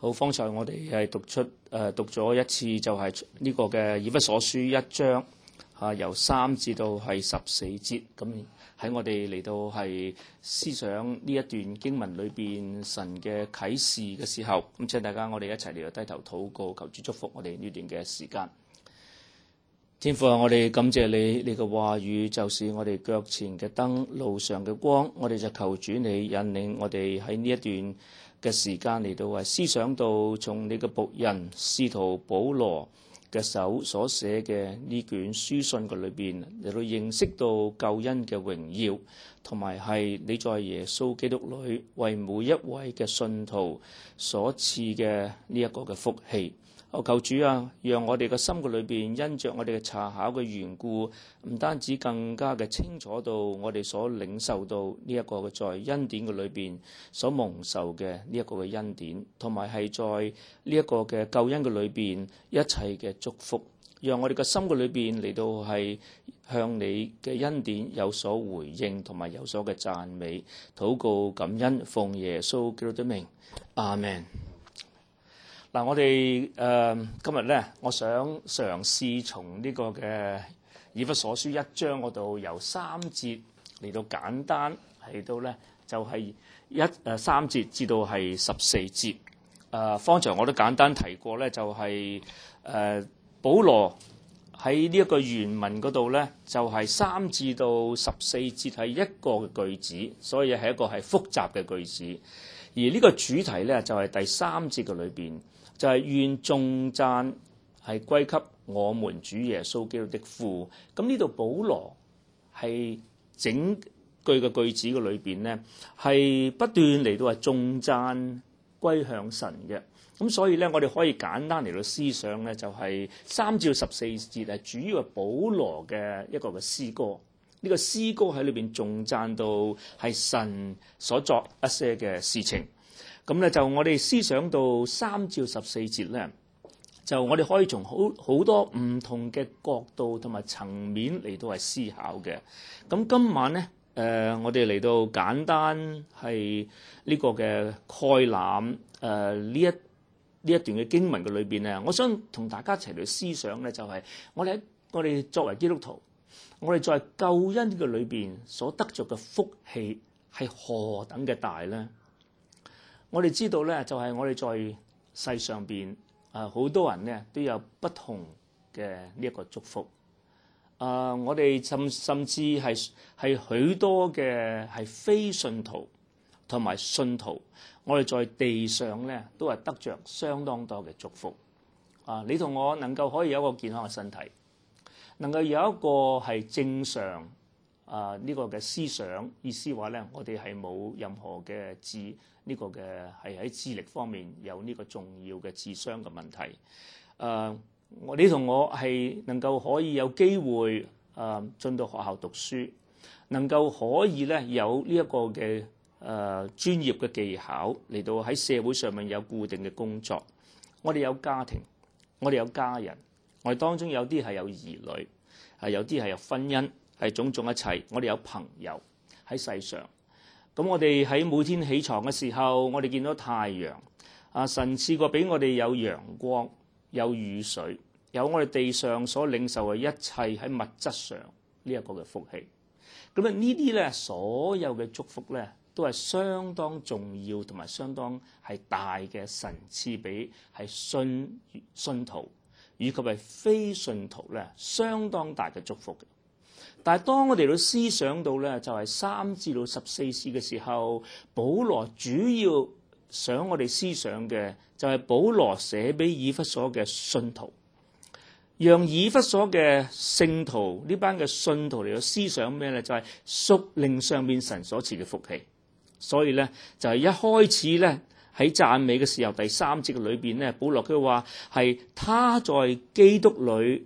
好，方才我哋係讀出誒讀咗一次，就係呢個嘅《以弗所書》一章，啊、由三至到係十四節。咁喺我哋嚟到係思想呢一段經文裏面神嘅啟示嘅時候，咁請大家我哋一齊嚟到低頭禱告，求主祝福我哋呢段嘅時間。天父啊，我哋感謝你，你嘅話語就是我哋腳前嘅燈，路上嘅光。我哋就求主你引領我哋喺呢一段嘅時間嚟到，係思想到從你嘅僕人使徒保羅嘅手所寫嘅呢卷書信嘅裏邊，嚟到認識到救恩嘅榮耀，同埋係你在耶穌基督裏為每一位嘅信徒所賜嘅呢一個嘅福氣。哦，求主啊，讓我哋嘅心嘅裏邊，因着我哋嘅查考嘅緣故，唔單止更加嘅清楚到我哋所領受到呢一個嘅在恩典嘅裏邊所蒙受嘅呢一個嘅恩典，同埋係在呢一個嘅救恩嘅裏邊一切嘅祝福，讓我哋嘅心嘅裏邊嚟到係向你嘅恩典有所回應，同埋有所嘅讚美，禱告感恩，奉耶穌基督的名，阿門。嗱，我哋誒今日咧，我想嘗試從呢、這個嘅《以弗所書》一章嗰度，由三節嚟到簡單，嚟到咧就係、是、一誒三節至到係十四節。誒方才我都簡單提過咧，就係誒保羅喺呢一個原文嗰度咧，就係三至到十四節係、就是就是、一個句子，所以係一個係複雜嘅句子。而呢個主題咧，就係第三節嘅裏邊。就係、是、願頌讚係歸給我們主耶穌基督的父。咁呢度保羅係整句嘅句子嘅裏邊咧，係不斷嚟到係頌讚歸向神嘅。咁所以咧，我哋可以簡單嚟到思想咧，就係三至十四節係主要係保羅嘅一個嘅詩歌。呢個詩歌喺裏邊頌讚到係神所作一些嘅事情。咁咧就我哋思想到三至十四節咧，就我哋可以從好好多唔同嘅角度同埋層面嚟到係思考嘅。咁今晚咧，誒、呃、我哋嚟到簡單係呢個嘅概覽誒呢一呢一段嘅經文嘅裏邊咧，我想同大家一齊嚟思想咧，就係、是、我哋我哋作為基督徒，我哋在救恩嘅裏邊所得着嘅福氣係何等嘅大咧？我哋知道咧，就係、是、我哋在世上面，啊，好多人咧都有不同嘅呢一個祝福。啊，我哋甚甚至係係許多嘅係非信徒同埋信徒，我哋在地上咧都係得着相當多嘅祝福。啊，你同我能夠可以有一個健康嘅身體，能夠有一個係正常。啊！呢、這個嘅思想意思話咧，我哋係冇任何嘅智呢、這個嘅係喺智力方面有呢個重要嘅智商嘅問題。誒、啊，你同我係能夠可以有機會誒進、啊、到學校讀書，能夠可以咧有呢一個嘅誒專業嘅技巧嚟到喺社會上面有固定嘅工作。我哋有家庭，我哋有家人，我哋當中有啲係有兒女，係有啲係有婚姻。係種種一切，我哋有朋友喺世上。咁我哋喺每天起床嘅時候，我哋見到太陽，啊，神賜過俾我哋有陽光、有雨水、有我哋地上所領受嘅一切喺物質上、這個、呢一個嘅福氣。咁啊，呢啲咧所有嘅祝福咧，都係相當重要同埋相當係大嘅神賜俾係信信徒以及係非信徒咧，相當大嘅祝福嘅。但係，當我哋去思想到咧，就係、是、三至到十四節嘅時候，保羅主要想我哋思想嘅就係保羅寫俾以弗所嘅信徒，讓以弗所嘅聖徒呢班嘅信徒嚟到思想咩咧？就係、是、屬靈上面神所賜嘅福氣。所以咧，就係、是、一開始咧喺讚美嘅時候，第三節嘅裏邊咧，保羅佢話係他在基督裏。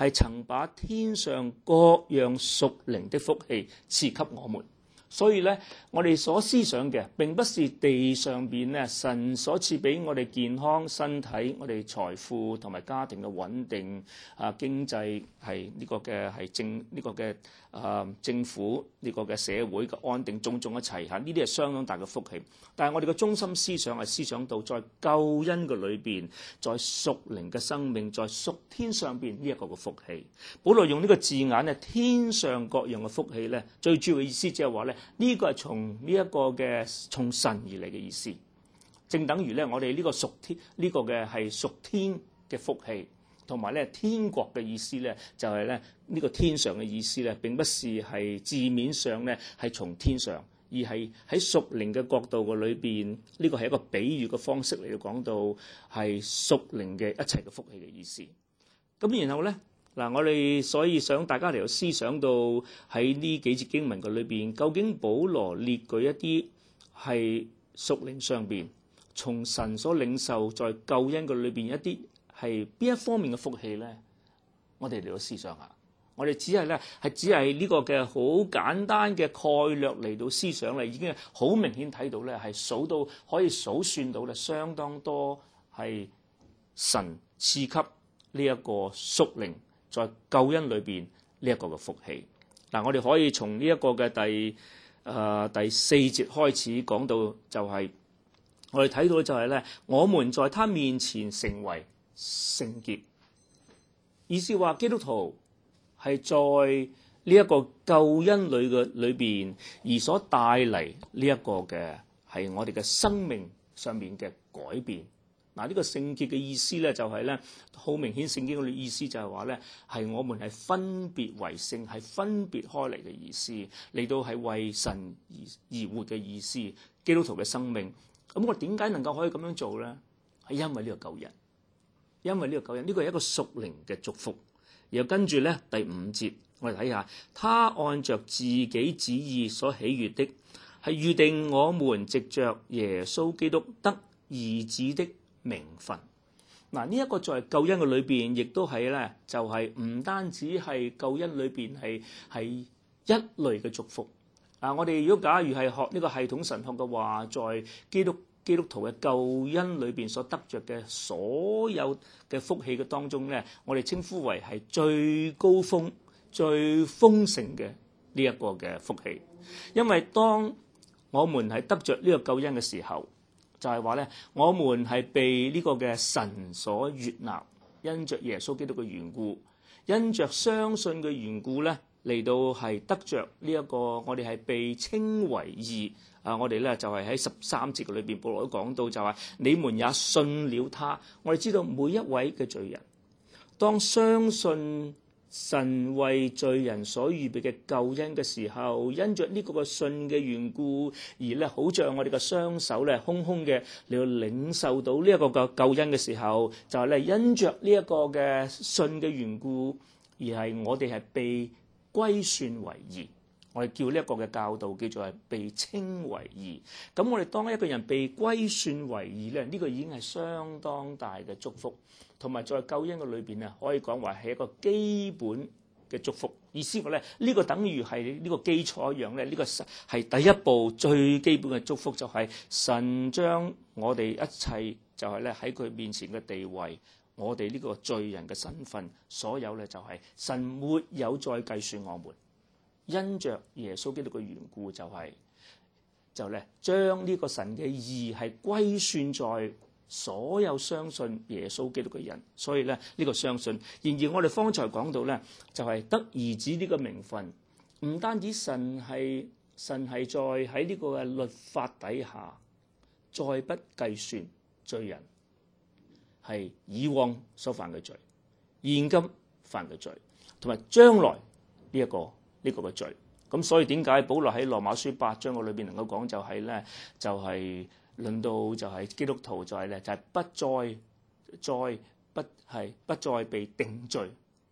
係曾把天上各樣屬靈的福氣賜給我們，所以咧，我哋所思想嘅並不是地上邊咧，神所賜俾我哋健康身體、我哋財富同埋家庭嘅穩定啊，經濟係呢個嘅係正呢個嘅。啊！政府呢個嘅社會嘅安定，種種一齊下呢啲係相當大嘅福氣。但係我哋嘅中心思想係思想到，在救恩嘅裏邊，在屬靈嘅生命，在屬天上邊呢一個嘅福氣。本來用呢個字眼咧，天上各樣嘅福氣咧，最主要嘅意思即係話咧，呢個係從呢一個嘅從神而嚟嘅意思，正等於咧我哋呢個屬天呢個嘅係屬天嘅福氣。同埋咧，天國嘅意思咧，就係咧呢個天上嘅意思咧，並不是係字面上咧係從天上，而係喺屬靈嘅角度個裏邊，呢個係一個比喻嘅方式嚟到講到係屬靈嘅一切嘅福氣嘅意思。咁然後咧，嗱我哋所以想大家嚟到思想到喺呢幾節經文嘅裏邊，究竟保羅列舉一啲係屬靈上邊，從神所領受在救恩嘅裏邊一啲。係邊一方面嘅福氣咧？我哋嚟到思想下我們，我哋只係咧係只係呢個嘅好簡單嘅概略嚟到思想咧，已經好明顯睇到咧係數到可以數算到咧，相當多係神賜給呢一個屬靈，在救恩裏邊呢一個嘅福氣嗱。我哋可以從呢一個嘅第誒、呃、第四節開始講到，就係我哋睇到就係咧，我們在他面前成為。聖潔，意思話基督徒係在呢一個救恩裏嘅裏邊，而所帶嚟呢一個嘅係我哋嘅生命上面嘅改變。嗱，呢個聖潔嘅意思咧，就係咧好明顯，聖經嘅意思就係話咧，係我們係分別為聖，係分別開嚟嘅意思，嚟到係為神而而活嘅意思。基督徒嘅生命，咁我點解能夠可以咁樣做咧？係因為呢個救人。因為呢個救恩，呢個係一個屬靈嘅祝福。然後跟住咧，第五節我哋睇下，他按著自己旨意所喜悅的，係預定我們藉著耶穌基督得兒子的名分。嗱，呢一個在救恩嘅裏邊，亦都係咧，就係唔單止係救恩裏邊係係一類嘅祝福。啊，我哋如果假如係學呢個系統神學嘅話，在基督。基督徒嘅救恩裏邊所得著嘅所有嘅福氣嘅當中咧，我哋稱呼為係最高峰、最豐盛嘅呢一個嘅福氣。因為當我們係得著呢個救恩嘅時候，就係話咧，我們係被呢個嘅神所悅納，因著耶穌基督嘅緣故，因著相信嘅緣故咧，嚟到係得著呢一個，我哋係被稱為義。啊！我哋咧就係、是、喺十三節嘅裏邊，保羅都講到就話、是：你們也信了他，我哋知道每一位嘅罪人，當相信神為罪人所預備嘅救恩嘅時候，因着呢個嘅信嘅緣故，而咧好像我哋嘅雙手咧空空嘅，嚟到領受到呢一個嘅救恩嘅時候，就係咧因着呢一個嘅信嘅緣故，而係我哋係被歸算為義。我哋叫呢一個嘅教導叫做係被稱為義，咁我哋當一個人被歸算為義咧，呢、這個已經係相當大嘅祝福，同埋在救恩嘅裏邊啊，可以講話係一個基本嘅祝福。意思話咧，呢個等於係呢個基礎一樣咧，呢、這個係第一步最基本嘅祝福，就係神將我哋一切就係咧喺佢面前嘅地位，我哋呢個罪人嘅身份，所有咧就係、是、神沒有再計算我們。因着耶穌基督嘅緣故、就是，就係就咧將呢個神嘅義係歸算在所有相信耶穌基督嘅人，所以咧呢、呢個相信。然而我哋方才講到咧，就係、是、得兒子呢個名分，唔單止神係神係在喺呢個嘅律法底下再不計算罪人係以往所犯嘅罪，現今犯嘅罪，同埋將來呢、這、一個。呢、這個嘅罪咁，所以點解保羅喺羅馬書八章嘅裏邊能夠講就係咧，就係、是、論到就係基督徒就係咧，就係、是、不再再不係不再被定罪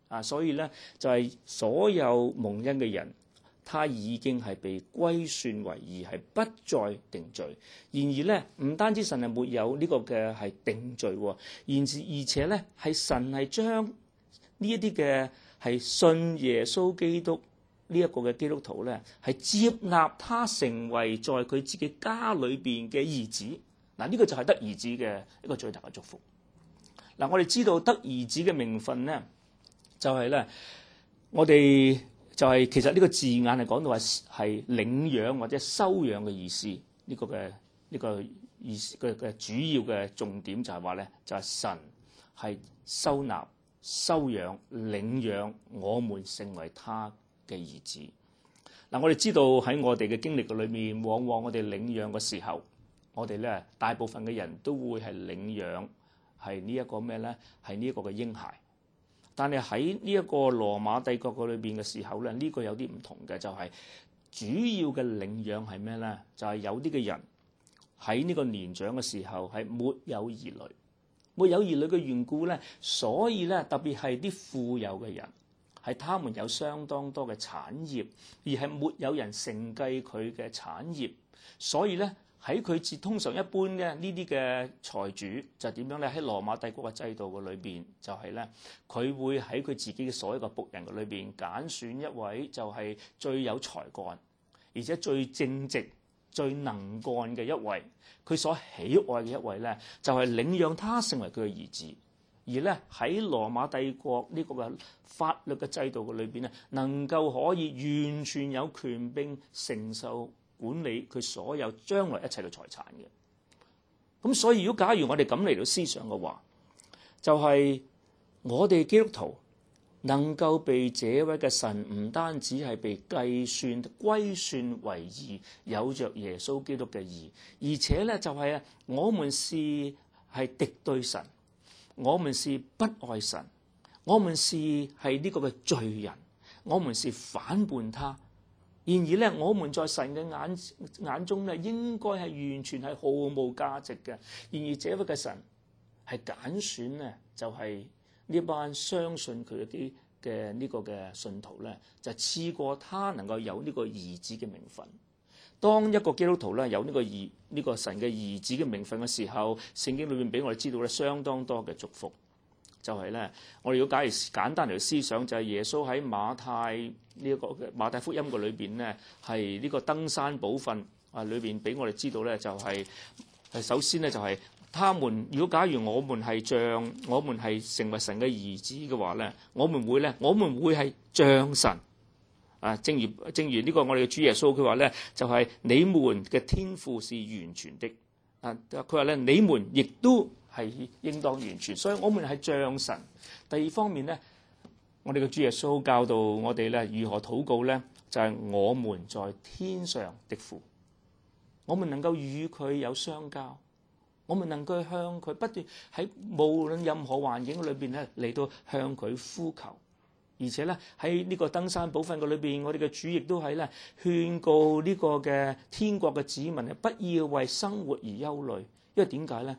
啊。所以咧就係、是、所有蒙恩嘅人，他已經係被歸算為而係不再定罪。然而咧，唔單止神係沒有呢個嘅係定罪，甚至而且咧係神係將呢一啲嘅係信耶穌基督。呢、這、一個嘅基督徒咧，係接納他成為在佢自己家裏邊嘅兒子。嗱，呢個就係得兒子嘅一個最大嘅祝福。嗱、嗯，我哋知道得兒子嘅名分咧，就係、是、咧，我哋就係、是、其實呢個字眼係講到係係領養或者收養嘅意思。呢、這個嘅呢、這個意思嘅嘅、這個、主要嘅重點就係話咧，就係、是、神係收納、收養、領養我們成為他。嘅兒子，嗱，我哋知道喺我哋嘅經歷裏面，往往我哋領養嘅時候，我哋咧大部分嘅人都會係領養係呢一個咩咧？係呢一個嘅嬰孩。但係喺呢一個羅馬帝國嘅裏邊嘅時候咧，呢個有啲唔同嘅，就係主要嘅領養係咩咧？就係有啲嘅人喺呢個年長嘅時候係沒有兒女，沒有兒女嘅緣故咧，所以咧特別係啲富有嘅人。係他們有相當多嘅產業，而係沒有人承繼佢嘅產業。所以咧，喺佢通常一般咧、就是、呢啲嘅財主就點樣咧？喺羅馬帝國嘅制度嘅裏邊，就係咧，佢會喺佢自己嘅所有嘅僕人嘅裏邊揀選一位就係最有才幹，而且最正直、最能幹嘅一位，佢所喜愛嘅一位咧，就係、是、領養他成為佢嘅兒子。而咧喺羅馬帝國呢個嘅法律嘅制度嘅裏邊咧，能夠可以完全有權並承受管理佢所有將來一切嘅財產嘅。咁所以如果假如我哋咁嚟到思想嘅話，就係、是、我哋基督徒能夠被這位嘅神唔單止係被計算歸算為義，有着耶穌基督嘅義，而且咧就係啊，我們是係敵對神。我們是不愛神，我們是係呢個嘅罪人，我們是反叛他。然而咧，我們在神嘅眼眼中咧，應該係完全係毫無價值嘅。然而，這位嘅神係揀選咧，就係、是、呢班相信佢啲嘅呢個嘅信徒咧，就賜過他能夠有呢個兒子嘅名分。當一個基督徒咧，有呢個兒呢個神嘅兒子嘅名份嘅時候，聖經裏邊俾我哋知道咧，相當多嘅祝福，就係咧，我哋如果假如簡單嚟，思想，就係耶穌喺馬太呢一個馬太福音嘅裏邊咧，係呢個登山寶訓啊裏邊俾我哋知道咧，就係係首先咧，就係他們如果假如我們係像我們係成為神嘅兒子嘅話咧，我們會咧，我們會係像神。啊，正如正如呢個我哋嘅主耶穌佢話咧，就係你們嘅天父是完全的。啊，佢話咧，你們亦都係應當完全。所以我們係像神。第二方面咧，我哋嘅主耶穌教導我哋咧，如何禱告咧，就係我們在天上的父，我們能夠與佢有相交，我們能夠向佢不斷喺無論任何環境裏邊咧嚟到向佢呼求。而且咧喺呢個登山寶訓嘅裏邊，我哋嘅主亦都係咧勸告呢個嘅天國嘅子民咧，不要為生活而憂慮。因為點解咧？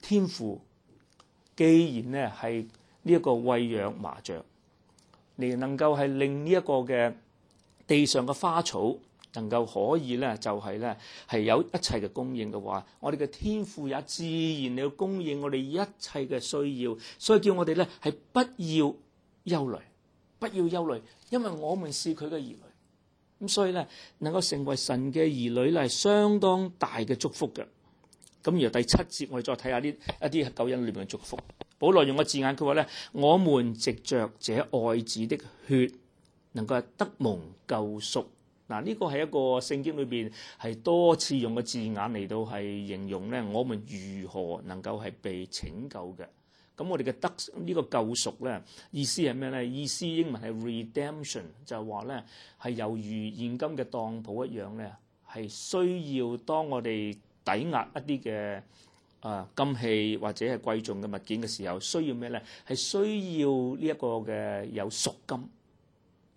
天父既然咧係呢一個餵養麻雀，你能夠係令呢一個嘅地上嘅花草能夠可以咧就係咧係有一切嘅供應嘅話，我哋嘅天父也自然要供應我哋一切嘅需要，所以叫我哋咧係不要憂慮。不要憂慮，因為我們是佢嘅兒女，咁所以咧能夠成為神嘅兒女咧係相當大嘅祝福嘅。咁而第七節我哋再睇下呢一啲係救恩裏面嘅祝福。保羅用個字眼佢話咧，我們藉着這愛子的血，能夠係得蒙救贖。嗱、這、呢個係一個聖經裏邊係多次用個字眼嚟到係形容咧，我們如何能夠係被拯救嘅。咁我哋嘅得呢個救贖咧，意思係咩咧？意思英文係 redemption，就係話咧係猶如現今嘅當鋪一樣咧，係需要當我哋抵押一啲嘅啊金器或者係貴重嘅物件嘅時候，需要咩咧？係需要呢一個嘅有贖金。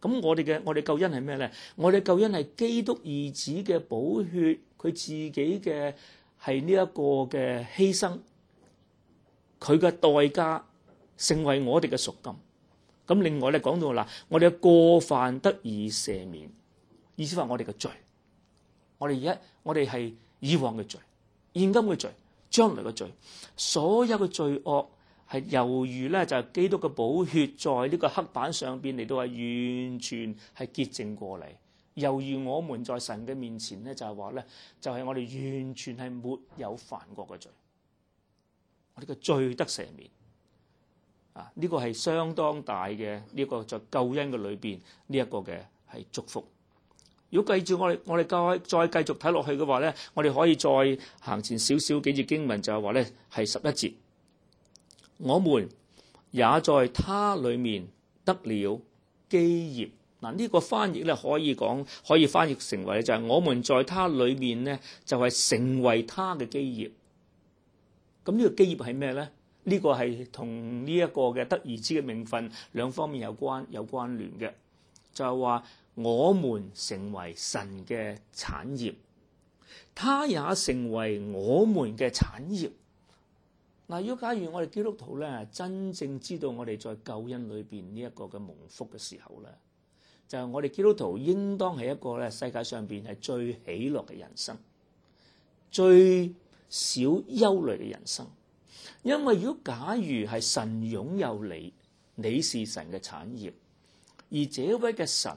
咁我哋嘅我哋救恩係咩咧？我哋救恩係基督兒子嘅寶血，佢自己嘅係呢一個嘅犧牲。佢嘅代價成為我哋嘅贖金。咁另外咧講到啦，我哋有過犯得以赦免，意思話我哋嘅罪，我哋而家我哋係以往嘅罪，現今嘅罪，將來嘅罪，所有嘅罪惡係猶如咧就係、是、基督嘅寶血在呢個黑板上邊嚟到係完全係潔淨過嚟，猶如我們在神嘅面前咧就係話咧就係、是、我哋完全係沒有犯過嘅罪。呢、這個罪得赦免啊！呢、這個係相當大嘅呢一個在救恩嘅裏邊呢一個嘅係祝福。如果繼續我哋我哋再再繼續睇落去嘅話咧，我哋可以再行前少少幾節經文，就係話咧係十一節。我們也在他裏面得了基業。嗱、這、呢個翻譯咧可以講可以翻譯成為就係、是、我們在他裏面咧就係成為他嘅基業。咁、這、呢個基業係咩咧？呢、這個係同呢一個嘅得兒子嘅名分兩方面有關有關聯嘅，就係、是、話我們成為神嘅產業，他也成為我們嘅產業。嗱，要假如我哋基督徒咧，真正知道我哋在救恩裏邊呢一個嘅蒙福嘅時候咧，就係、是、我哋基督徒應當係一個咧世界上邊係最喜樂嘅人生，最。少憂慮嘅人生，因為如果假如係神擁有你，你是神嘅產業；而這位嘅神，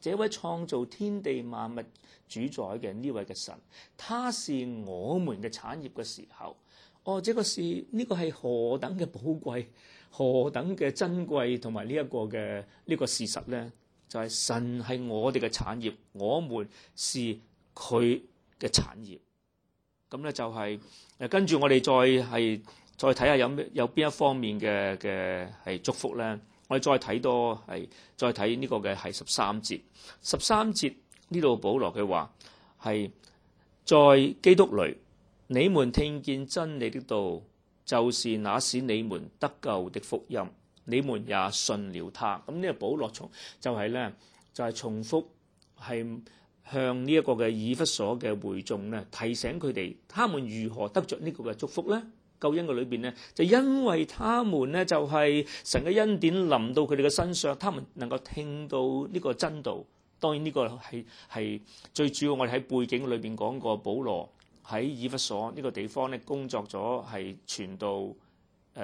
這位創造天地萬物主宰嘅呢位嘅神，他是我們嘅產業嘅時候，哦，這個是呢、這個係何等嘅寶貴，何等嘅珍貴，同埋呢一個嘅呢、這個事實呢，就係、是、神係我哋嘅產業，我們是佢嘅產業。咁咧就係、是、誒，跟住我哋再係再睇下有咩有邊一方面嘅嘅係祝福咧？我哋再睇多係再睇呢個嘅係十三節。十三節呢度保羅嘅話係在基督裏，你們聽見真理的道，就是那使你們得救的福音，你們也信了他。咁、嗯、呢、這個保羅重就係咧，就係、是就是、重複係。向呢一個嘅以弗所嘅會眾咧，提醒佢哋，他們如何得着呢個嘅祝福咧？救恩嘅裏邊咧，就因為他們咧，就係神嘅恩典臨到佢哋嘅身上，他們能夠聽到呢個真道。當然呢個係係最主要，我哋喺背景裏邊講過，保羅喺以弗所呢個地方咧工作咗，係傳道。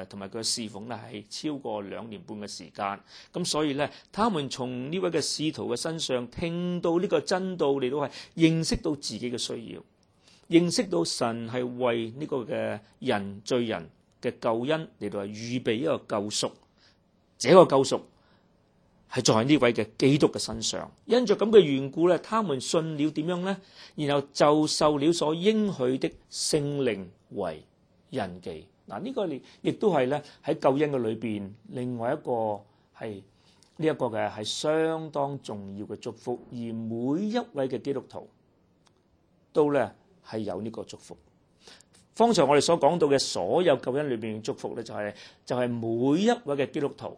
誒同埋佢侍奉咧係超過兩年半嘅時間，咁所以咧，他們從呢位嘅使徒嘅身上聽到呢個真道嚟到係認識到自己嘅需要，認識到神係為呢個嘅人罪人嘅救恩嚟到係預備一個救贖，這個救贖係在呢位嘅基督嘅身上。因着咁嘅緣故咧，他們信了點樣咧？然後就受了所應許的聖靈為印記嗱，呢個亦亦都係咧喺救恩嘅裏邊，另外一個係呢一個嘅係相當重要嘅祝福，而每一位嘅基督徒都咧係有呢個祝福。方才我哋所講到嘅所有救恩裏邊嘅祝福咧，就係就係每一位嘅基督徒。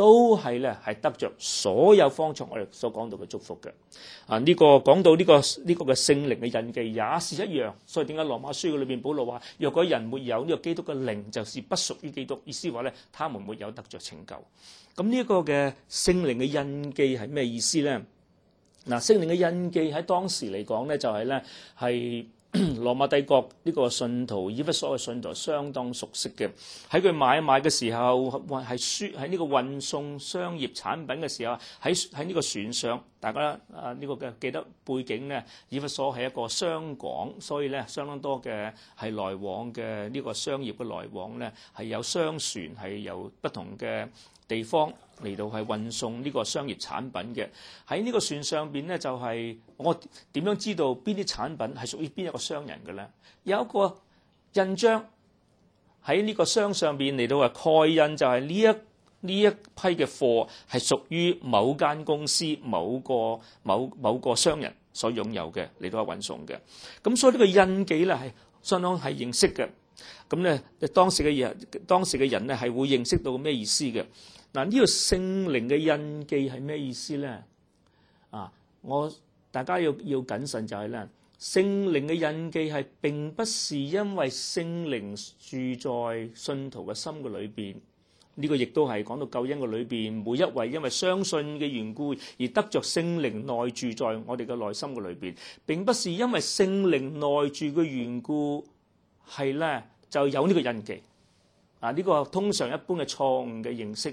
都係咧，係得着所有方從我哋所講到，這個，講到嘅祝福嘅。啊，呢個講到呢個呢個嘅聖靈嘅印記也是一樣。所以點解羅馬書裏邊保羅話，若果人沒有呢個基督嘅靈，就是不屬於基督。意思話咧，他們沒有得着拯救。咁呢個嘅聖靈嘅印記係咩意思咧？嗱，啊，聖靈嘅印記喺當時嚟講咧，就係咧係。羅馬帝國呢個信徒，以弗所嘅信徒相當熟悉嘅。喺佢買賣嘅時候，運係輸喺呢個運送商業產品嘅時候，喺喺呢個船上，大家啊呢個嘅記得背景呢。以弗所係一個商港，所以呢相當多嘅係來往嘅呢個商業嘅來往呢，係有商船係有不同嘅。地方嚟到係運送呢個商業產品嘅，喺呢個船上邊呢，就係、是、我點樣知道邊啲產品係屬於邊一個商人嘅呢？有一個印章喺呢個箱上邊嚟到話蓋印就是這，就係呢一呢一批嘅貨係屬於某間公司某、某個某某個商人所擁有嘅嚟到運送嘅。咁所以呢個印記呢，係相當係認識嘅。咁呢，當時嘅人當時嘅人呢係會認識到咩意思嘅？嗱、這、呢個聖靈嘅印記係咩意思咧？啊，我大家要要謹慎就係、是、咧，聖靈嘅印記係並不是因為聖靈住在信徒嘅心嘅裏邊，呢、這個亦都係講到救恩嘅裏邊，每一位因為相信嘅緣故而得着聖靈內住在我哋嘅內心嘅裏邊，並不是因為聖靈內住嘅緣故係咧就有呢個印記啊，呢、這個通常一般嘅錯誤嘅認識。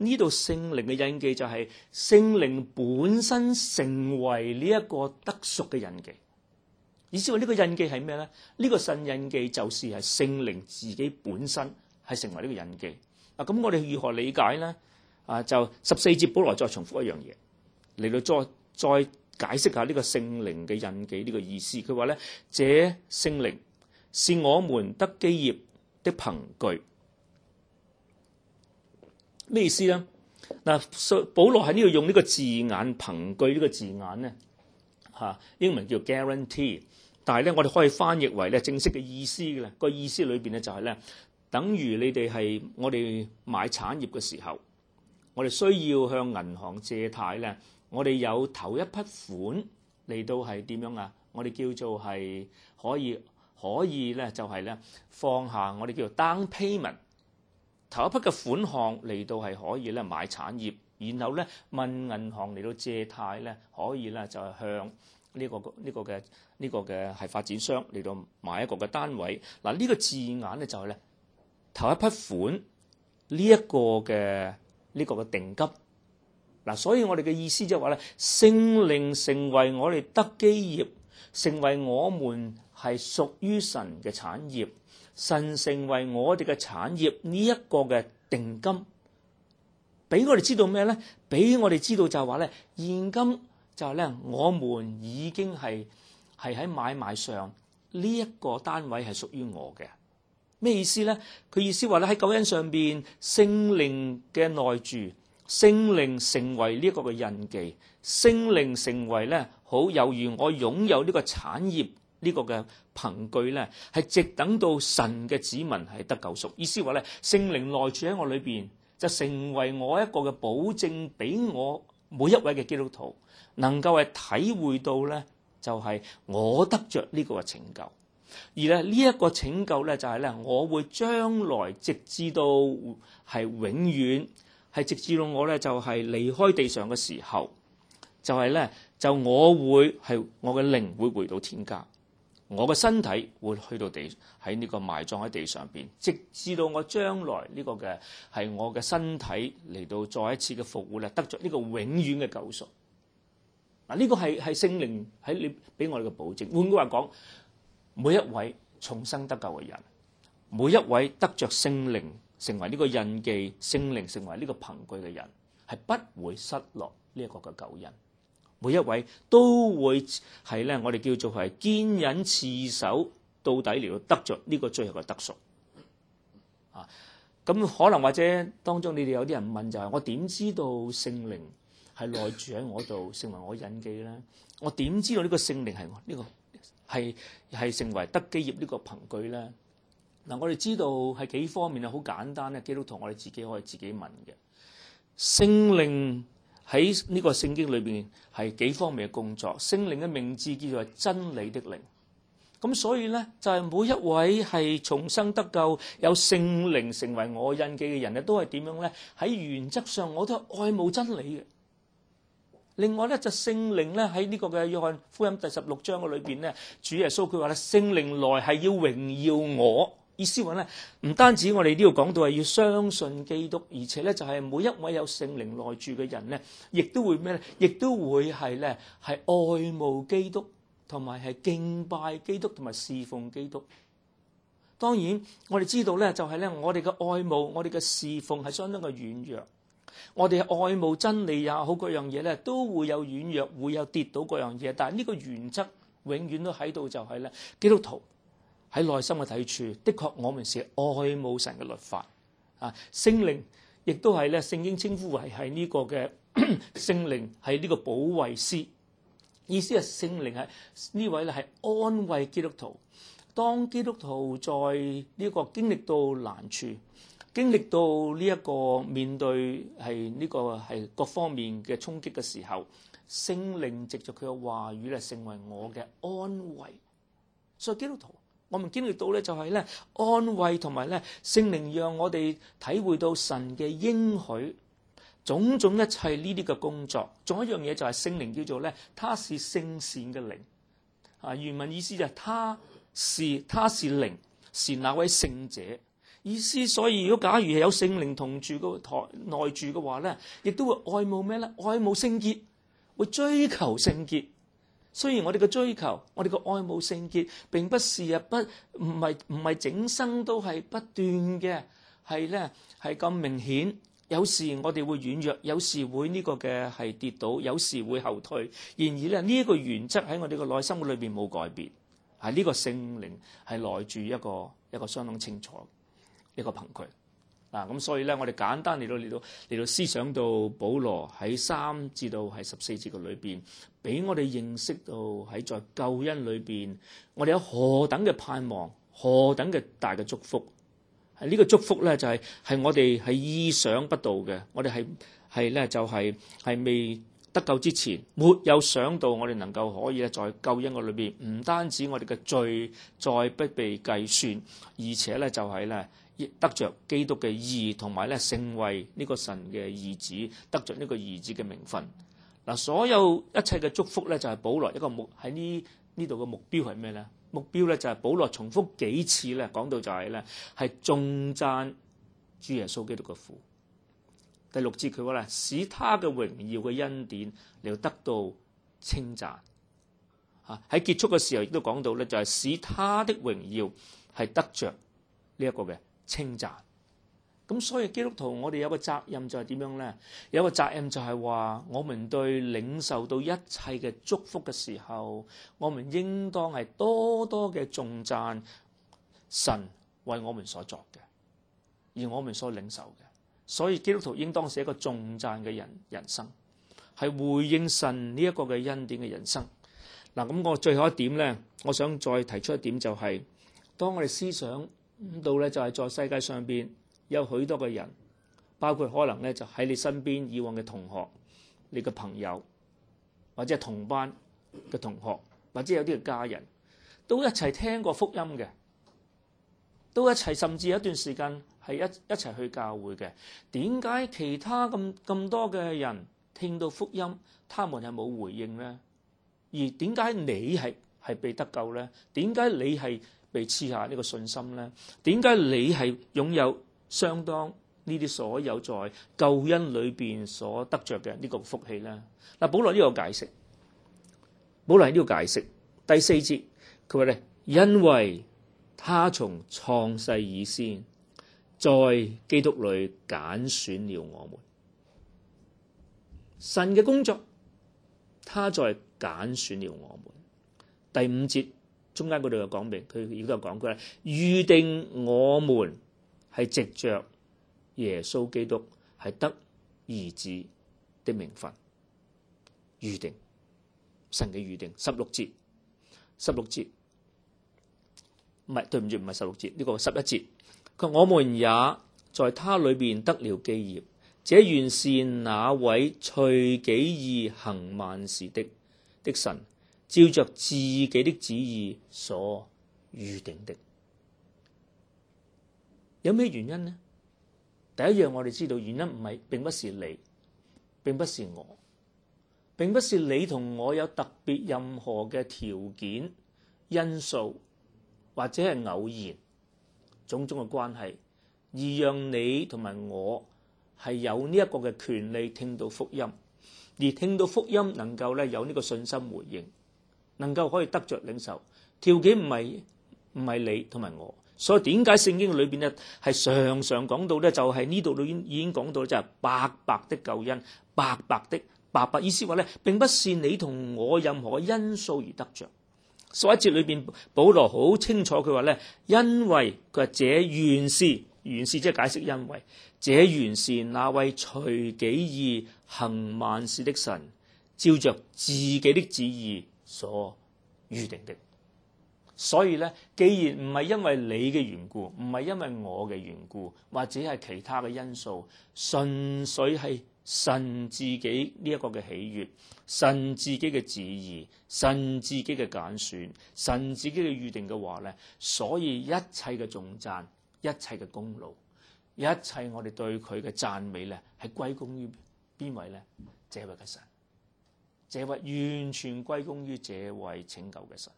呢度聖靈嘅印記就係聖靈本身成為呢一個得贖嘅印記，意思話呢個印記係咩咧？呢、這個聖印記就是係聖靈自己本身係成為呢個印記。啊，咁我哋如何理解咧？啊，就十四節本來再重複一樣嘢嚟到再再解釋下呢個聖靈嘅印記呢個意思。佢話咧，這聖靈是我們得基業的憑據。咩意思咧？嗱，保羅喺呢度用呢個字眼，憑據呢個字眼咧，嚇英文叫 guarantee，但係咧我哋可以翻譯為咧正式嘅意思嘅咧，個意思裏邊咧就係咧，等於你哋係我哋買產業嘅時候，我哋需要向銀行借貸咧，我哋有頭一筆款嚟到係點樣啊？我哋叫做係可以可以咧，就係咧放下我哋叫做 down payment。頭一筆嘅款項嚟到係可以咧買產業，然後咧問銀行嚟到借貸咧可以咧就係、是、向呢、這個呢、這個嘅呢、這個嘅係發展商嚟到買一個嘅單位。嗱、啊、呢、這個字眼咧就係咧頭一筆款呢一、這個嘅呢、這個嘅定金。嗱、啊，所以我哋嘅意思就係話咧，聖靈成為我哋得基業，成為我們係屬於神嘅產業。神成為我哋嘅產業呢一個嘅定金，俾我哋知道咩呢？俾我哋知道就係話呢，現今就係呢，我們已經係係喺買賣上呢一個單位係屬於我嘅。咩意思呢？佢意思話咧喺救恩上邊，聖靈嘅內住，聖靈成為呢一個嘅印記，聖靈成為呢，好猶如我擁有呢個產業，呢、這個嘅憑據咧，係直等到神嘅子民係得救贖，意思話咧聖靈內住喺我裏邊就成為我一個嘅保證，俾我每一位嘅基督徒能夠係體會到咧，就係、是、我得着呢個嘅拯救。而咧呢一、這個拯救咧，就係、是、咧我會將來直至到係永遠係直至到我咧就係、是、離開地上嘅時候，就係、是、咧就我會係我嘅靈會回到天家。我嘅身體會去到地喺呢個埋葬喺地上邊，直至到我將來呢、這個嘅係我嘅身體嚟到再一次嘅復活咧，得著呢個永遠嘅救贖。嗱、這、呢個係係聖靈喺你俾我哋嘅保證。換句話講，每一位重生得救嘅人，每一位得着聖靈成為呢個印記、聖靈成為呢個憑據嘅人，係不會失落呢一個嘅救恩。每一位都會係咧，我哋叫做係堅忍持守到底嚟到得着呢個最後嘅得贖。啊，咁可能或者當中你哋有啲人問就係、是：我點知道聖靈係內住喺我度，成為我印記咧？我點知道呢個聖靈係我呢個係係成為得基業呢個憑據咧？嗱、啊，我哋知道係幾方面啊？好簡單咧，基督徒我哋自己可以自己問嘅聖靈。聖靈喺呢個聖經裏邊係幾方面嘅工作，聖靈嘅名字叫做真理的靈。咁所以呢就係每一位係重生得救有聖靈成為我印記嘅人呢，都係點樣呢？喺原則上我都愛慕真理嘅。另外呢就聖靈呢喺呢個嘅約翰福音第十六章嘅裏邊呢，主耶穌佢話啦，聖靈來係要榮耀我。意思話咧，唔單止我哋呢度講到係要相信基督，而且咧就係每一位有聖靈內住嘅人咧，亦都會咩咧？亦都會係咧，係愛慕基督，同埋係敬拜基督，同埋侍奉基督。當然，我哋知道咧，就係咧，我哋嘅愛慕，我哋嘅侍奉係相當嘅軟弱。我哋愛慕真理也好，各樣嘢咧都會有軟弱，會有跌倒各樣嘢。但係呢個原則永遠都喺度，就係咧，基督徒。喺內心嘅睇處，的確我們是愛慕神嘅律法啊！聖靈亦都係咧，聖經稱呼為係呢個嘅聖靈，係呢個保惠師。意思係聖靈係呢位咧係安慰基督徒。當基督徒在呢、這個經歷到難處、經歷到呢、這、一個面對係呢、這個係各方面嘅衝擊嘅時候，聖靈藉著佢嘅話語咧，成為我嘅安慰。所以基督徒。我們經歷到咧就係咧安慰同埋咧聖靈讓我哋體會到神嘅應許，種種一切呢啲嘅工作，仲有一樣嘢就係聖靈叫做咧，他是聖善嘅靈。啊，原文意思就係他是他是靈，是那位聖者。意思，所以如果假如係有聖靈同住個台內住嘅話咧，亦都會愛慕咩咧？愛慕聖潔，會追求聖潔。雖然我哋嘅追求，我哋嘅愛慕聖潔，並不是啊不唔係唔係整生都係不斷嘅，係咧係咁明顯。有時我哋會軟弱，有時會呢個嘅係跌倒，有時會後退。然而咧呢一個原則喺我哋嘅內心裏邊冇改變，係呢個聖靈係內住一個一個相當清楚嘅一個憑據。咁、啊、所以咧，我哋簡單嚟到嚟到嚟到思想到保羅，保羅喺三至到係十四節嘅裏面，俾我哋認識到喺在救恩裏面，我哋有何等嘅盼望，何等嘅大嘅祝福。係、這、呢個祝福咧，就係、是、係我哋係意想不到嘅，我哋係係咧就係、是、係未得救之前，沒有想到我哋能夠可以咧在救恩個裏面，唔單止我哋嘅罪再不被計算，而且咧就係、是、咧。亦得着基督嘅義，同埋咧成為呢個神嘅兒子，得着呢個兒子嘅名分。嗱，所有一切嘅祝福咧，就係保羅一個目喺呢呢度嘅目標係咩咧？目標咧就係保羅重複幾次咧，講到就係、是、咧，係頌讚主耶穌基督嘅父。第六節佢話咧，使他嘅榮耀嘅恩典嚟到得到稱讚啊，喺結束嘅時候亦都講到咧，就係使他的榮耀係得、就是、得着呢一個嘅稱讚，咁所以基督徒我哋有個責任就係點樣呢？有個責任就係話，我們對領受到一切嘅祝福嘅時候，我們應當係多多嘅頌讚神為我們所作嘅，而我們所領受嘅。所以基督徒應當是一個頌讚嘅人，人生係回應神呢一個嘅恩典嘅人生。嗱，咁我最後一點呢，我想再提出一點就係、是，當我哋思想。到咧就係、是、在世界上邊有許多嘅人，包括可能咧就喺你身邊以往嘅同學、你嘅朋友，或者係同班嘅同學，或者有啲嘅家人，都一齊聽過福音嘅，都一齊甚至有一段時間係一一齊去教會嘅。點解其他咁咁多嘅人聽到福音，他們係冇回應咧？而點解你係係被得救咧？點解你係？你黐下呢個信心咧，點解你係擁有相當呢啲所有在救恩裏邊所得着嘅呢個福氣咧？嗱，保羅呢個解釋，保羅係呢個解釋。第四節佢話咧，因為他從創世以先，在基督裏揀選了我們，神嘅工作，他在揀選了我們。第五節。中間嗰度有講明，佢亦都有講過啦。預定我們係藉着耶穌基督係得兒子的名分，預定神嘅預定。十六節，十六節，唔係對唔住，唔係十六節，呢個十一節。佢我們也在他裏邊得了基業，這原是那位隨己意行萬事的的神。照着自己的旨意所預定的，有咩原因呢？第一樣，我哋知道原因唔係，並不是你，並不是我，並不是你同我有特別任何嘅條件、因素或者係偶然種種嘅關係，而讓你同埋我係有呢一個嘅權利聽到福音，而聽到福音能夠咧有呢個信心回應。能夠可以得着領受條件，唔係唔係你同埋我，所以點解聖經裏邊咧係常常講到咧，就係呢度已經已經講到，就係白白的救恩，白白的白白意思話咧，並不是你同我任何因素而得著。十一節裏邊，保羅好清楚佢話咧，因為佢話這原是原是，即係解釋因為這原是那位隨己意行萬事的神，照着自己的旨意。所預定的，所以咧，既然唔係因為你嘅緣故，唔係因為我嘅緣故，或者係其他嘅因素，純粹係神自己呢一個嘅喜悅，神自己嘅旨意，神自己嘅揀選，神自己嘅預定嘅話咧，所以一切嘅頌讚，一切嘅功勞，一切我哋對佢嘅讚美咧，係歸功於邊位咧？這位嘅神。這位完全歸功於這位拯救嘅神，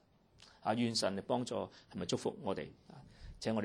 啊！願神嚟幫助，係咪祝福我哋？請我哋。